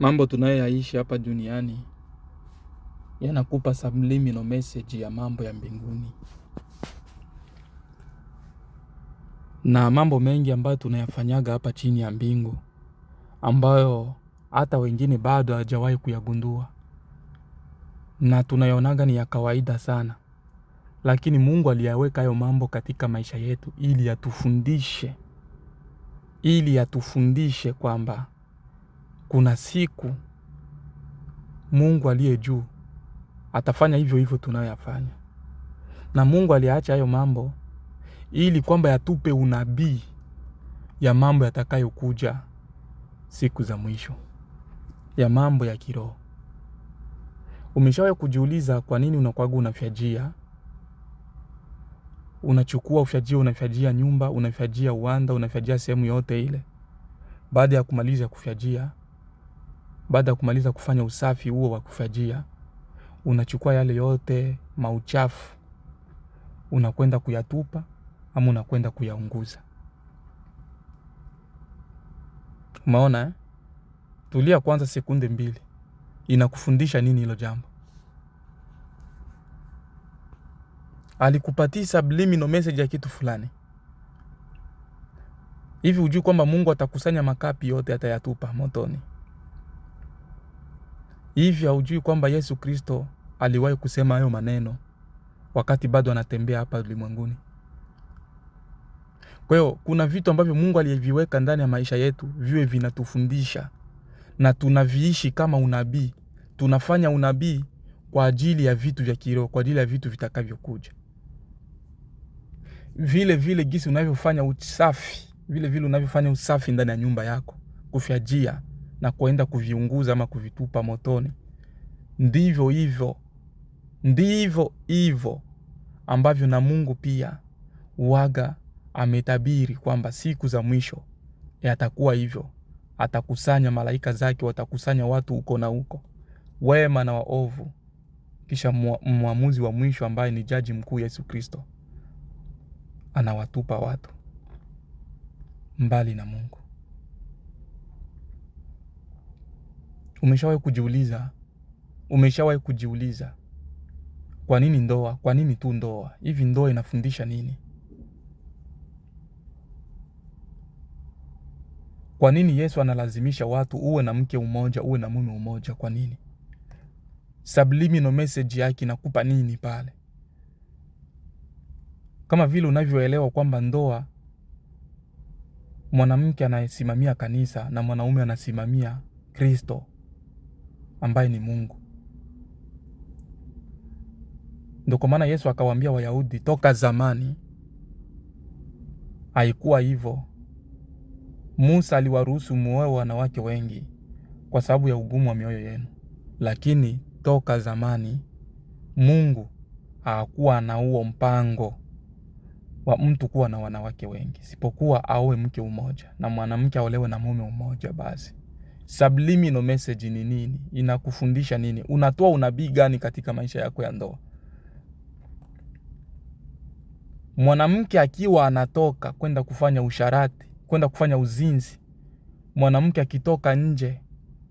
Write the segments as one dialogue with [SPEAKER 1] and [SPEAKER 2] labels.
[SPEAKER 1] Mambo tunayoyaishi hapa duniani yanakupa subliminal message ya mambo ya mbinguni. Na mambo mengi ambayo tunayafanyaga hapa chini ya mbingu ambayo hata wengine bado hawajawahi kuyagundua na tunayaonaga ni ya kawaida sana, lakini Mungu aliyaweka hayo mambo katika maisha yetu ili yatufundishe, ili yatufundishe kwamba kuna siku Mungu aliye juu atafanya hivyo hivyo tunayoyafanya, na Mungu aliacha hayo mambo ili kwamba yatupe unabii ya mambo yatakayokuja siku za mwisho, ya mambo ya kiroho. Umeshawahi kujiuliza kwa nini unakwaga unafyajia? Unachukua ufyajia, unafyajia nyumba, unafyajia uwanda, unafyajia sehemu yote ile. Baada ya kumaliza kufyajia, baada ya kumaliza kufanya usafi huo wa kufagia, unachukua yale yote mauchafu unakwenda kuyatupa ama unakwenda kuyaunguza. Umeona eh? Tulia kwanza sekunde mbili. Inakufundisha nini hilo jambo? Alikupatia subliminal message ya kitu fulani hivi. Hujui kwamba Mungu atakusanya makapi yote atayatupa motoni? Hivi haujui kwamba Yesu Kristo aliwahi kusema hayo maneno wakati bado anatembea hapa ulimwenguni? Kwa hiyo kuna vitu ambavyo Mungu aliviweka ndani ya maisha yetu viwe vinatufundisha na tunaviishi kama unabii. Tunafanya unabii kwa ajili ya vitu vya kiroho, kwa ajili ya vitu vitakavyokuja. Vile vile gisi unavyofanya usafi, vile vile unavyofanya usafi ndani ya nyumba yako, kufyajia na kuenda kuviunguza ama kuvitupa motoni. Ndivyo hivyo, ndivyo hivyo ambavyo na Mungu pia waga ametabiri kwamba siku za mwisho yatakuwa hivyo. Atakusanya malaika zake, watakusanya watu huko na huko, wema na waovu, kisha mwamuzi wa mwisho ambaye ni jaji mkuu Yesu Kristo anawatupa watu mbali na Mungu. Umeshawahi kujiuliza? Umeshawahi kujiuliza kwa nini ndoa? Kwa nini tu ndoa? Hivi ndoa inafundisha nini? Kwa nini Yesu analazimisha watu uwe na mke mmoja, uwe na mume mmoja? Kwa nini? Subliminal message yake inakupa nini pale? Kama vile unavyoelewa kwamba ndoa, mwanamke anayesimamia kanisa na mwanaume anasimamia Kristo ambaye ni Mungu. Ndio kwa maana Yesu akawaambia Wayahudi toka zamani haikuwa hivyo. Musa aliwaruhusu muoe wanawake wengi kwa sababu ya ugumu wa mioyo yenu, lakini toka zamani Mungu hakuwa na huo mpango wa mtu kuwa na wanawake wengi, sipokuwa aoe mke mmoja na mwanamke aolewe na mume mmoja basi. Subliminal message ni nini? Inakufundisha nini? Unatoa unabii gani katika maisha yako ya ndoa? Mwanamke akiwa anatoka kwenda kufanya usharati, kwenda kufanya uzinzi, mwanamke akitoka nje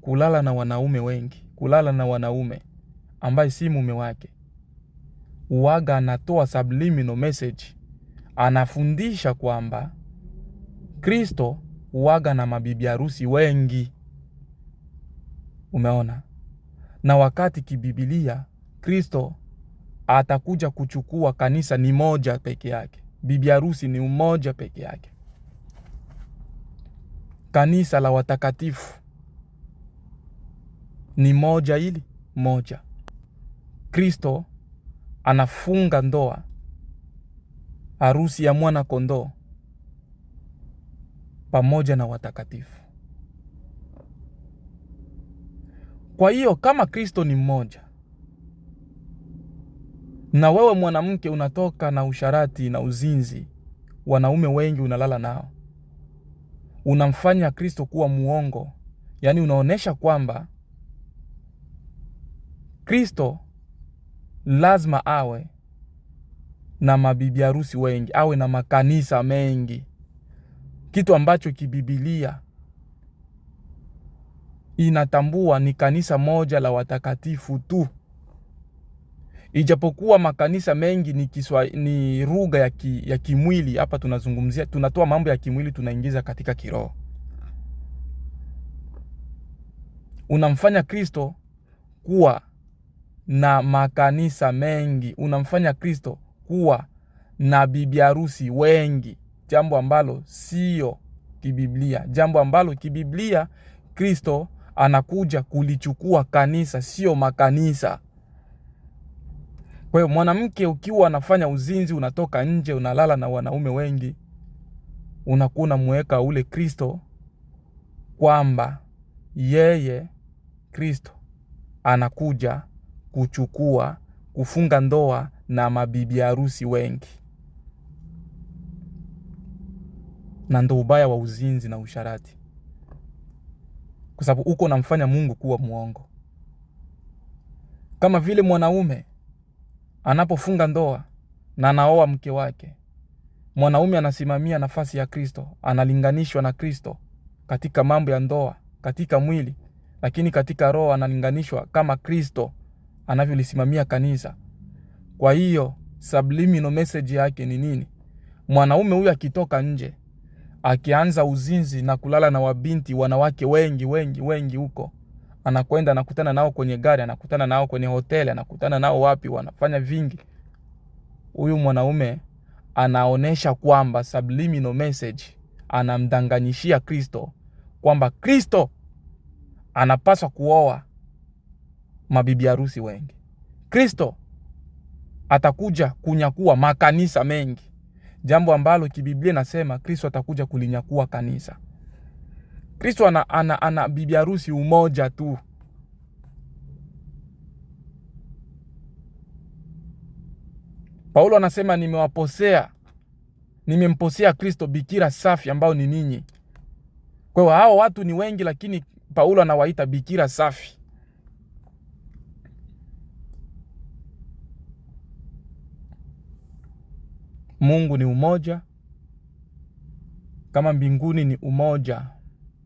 [SPEAKER 1] kulala na wanaume wengi, kulala na wanaume ambaye si mume wake, uwaga anatoa subliminal message, anafundisha kwamba Kristo uwaga na mabibi harusi wengi Umeona? Na wakati kibibilia Kristo atakuja kuchukua kanisa, ni moja peke yake. Bibi harusi ni umoja peke yake, kanisa la watakatifu ni moja, ili moja. Kristo anafunga ndoa, harusi ya mwana kondoo pamoja na watakatifu. Kwa hiyo kama Kristo ni mmoja na wewe mwanamke unatoka na usharati na uzinzi, wanaume wengi unalala nao, unamfanya Kristo kuwa muongo, yaani unaonyesha kwamba Kristo lazima awe na mabibi harusi wengi, awe na makanisa mengi, kitu ambacho kibibilia inatambua ni kanisa moja la watakatifu tu. Ijapokuwa makanisa mengi ni kiswa, ni lugha ya, ki, ya kimwili. Hapa tunazungumzia tunatoa mambo ya kimwili tunaingiza katika kiroho. Unamfanya Kristo kuwa na makanisa mengi, unamfanya Kristo kuwa na bibi harusi wengi, jambo ambalo sio kibiblia, jambo ambalo kibiblia Kristo anakuja kulichukua kanisa, sio makanisa. Kwa hiyo mwanamke ukiwa anafanya uzinzi, unatoka nje, unalala na wanaume wengi, unakuwa unamweka ule Kristo kwamba yeye Kristo anakuja kuchukua kufunga ndoa na mabibi harusi wengi, na ndo ubaya wa uzinzi na usharati kwa sababu uko unamfanya Mungu kuwa mwongo. Kama vile mwanaume anapofunga ndoa na anaoa mke wake, mwanaume anasimamia nafasi ya Kristo, analinganishwa na Kristo katika mambo ya ndoa, katika mwili, lakini katika roho analinganishwa kama Kristo anavyolisimamia kanisa. Kwa hiyo subliminal message yake ni nini? Mwanaume huyu akitoka nje akianza uzinzi na kulala na wabinti wanawake wengi wengi wengi huko anakwenda anakutana nao kwenye gari, anakutana nao kwenye hoteli, anakutana nao wapi, wanafanya vingi. Huyu mwanaume anaonesha kwamba subliminal message anamdanganyishia Kristo kwamba Kristo anapaswa kuoa mabibi harusi wengi, Kristo atakuja kunyakua makanisa mengi, jambo ambalo kibiblia nasema Kristo atakuja kulinyakua kanisa. Kristo ana, ana, ana bibi harusi umoja tu. Paulo anasema nimewaposea, nimemposea Kristo bikira safi ambao ni ninyi. Kwa hiyo hao watu ni wengi, lakini Paulo anawaita bikira safi. Mungu ni umoja, kama mbinguni ni umoja,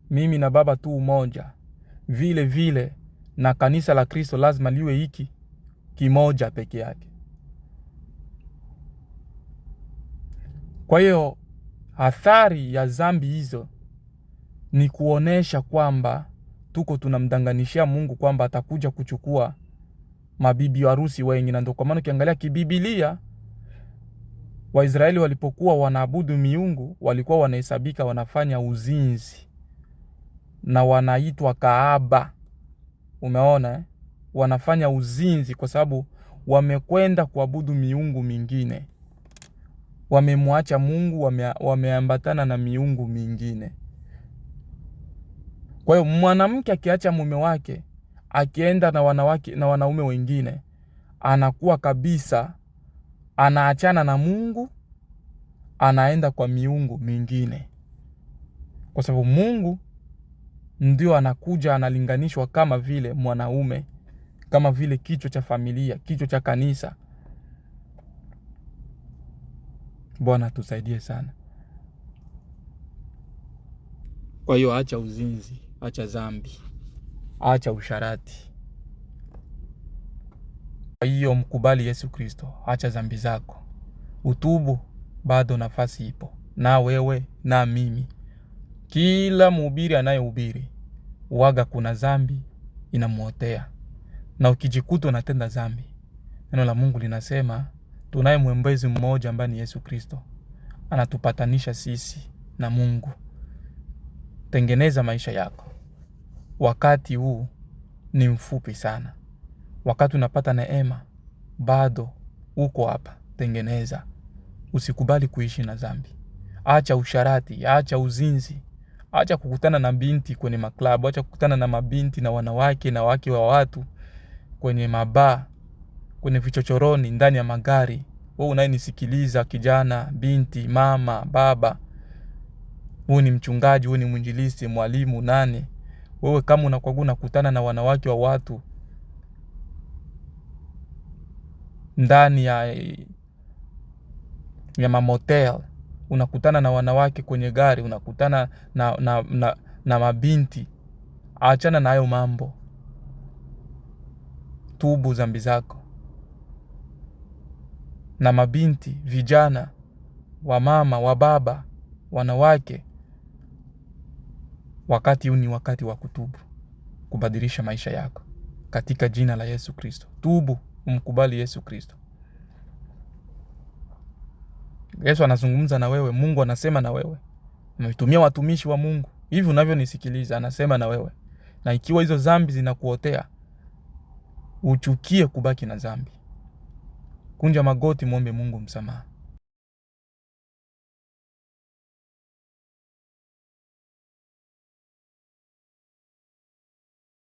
[SPEAKER 1] mimi na Baba tu umoja, vile vile na kanisa la Kristo lazima liwe hiki kimoja peke yake. Kwa hiyo athari ya dhambi hizo ni kuonesha kwamba tuko tunamdanganishia Mungu kwamba atakuja kuchukua mabibi harusi wengi, na ndio kwa maana ukiangalia kibibilia Waisraeli walipokuwa wanaabudu miungu walikuwa wanahesabika wanafanya uzinzi na wanaitwa kaaba. Umeona eh? Wanafanya uzinzi kwa sababu wamekwenda kuabudu miungu mingine, wamemwacha Mungu, wame, wameambatana na miungu mingine. Kwa hiyo mwanamke akiacha mume wake akienda na wanawake na wanaume wengine anakuwa kabisa anaachana na Mungu, anaenda kwa miungu mingine, kwa sababu Mungu ndio anakuja analinganishwa kama vile mwanaume, kama vile kichwa cha familia, kichwa cha kanisa. Bwana tusaidie sana. Kwa hiyo acha uzinzi, acha dhambi, acha usharati. Kwa hiyo mkubali Yesu Kristo, acha zambi zako, utubu, bado nafasi ipo, na wewe na mimi. Kila mhubiri anayehubiri waga, kuna zambi inamuotea na ukijikuta unatenda zambi neno la Mungu linasema tunaye mwombezi mmoja ambaye ni Yesu Kristo, anatupatanisha sisi na Mungu. Tengeneza maisha yako, wakati huu ni mfupi sana. Wakati unapata neema, bado uko hapa, tengeneza. Usikubali kuishi na dhambi. Acha usharati, acha uzinzi, acha kukutana na binti kwenye maklabu, acha kukutana na mabinti na wanawake na wake wa watu kwenye mabaa, kwenye vichochoroni, ndani ya magari. Wewe unayenisikiliza, kijana, binti, mama, baba, wewe ni mchungaji, wewe ni mwinjilisti, mwalimu, nani wewe? Kama unakuwa unakutana na wanawake wa watu ndani ya, ya mamotel, unakutana na wanawake kwenye gari, unakutana na, na, na, na mabinti. Achana na hayo mambo, tubu dhambi zako. Na mabinti, vijana, wamama, wababa, wanawake, wakati huu ni wakati wa kutubu, kubadilisha maisha yako katika jina la Yesu Kristo. Tubu kumkubali Yesu Kristo. Yesu anazungumza na wewe, Mungu anasema na wewe. Umetumia watumishi wa Mungu hivi unavyonisikiliza, anasema na wewe, na ikiwa hizo zambi zinakuotea, uchukie kubaki na zambi kunja magoti, mwombe Mungu msamaha.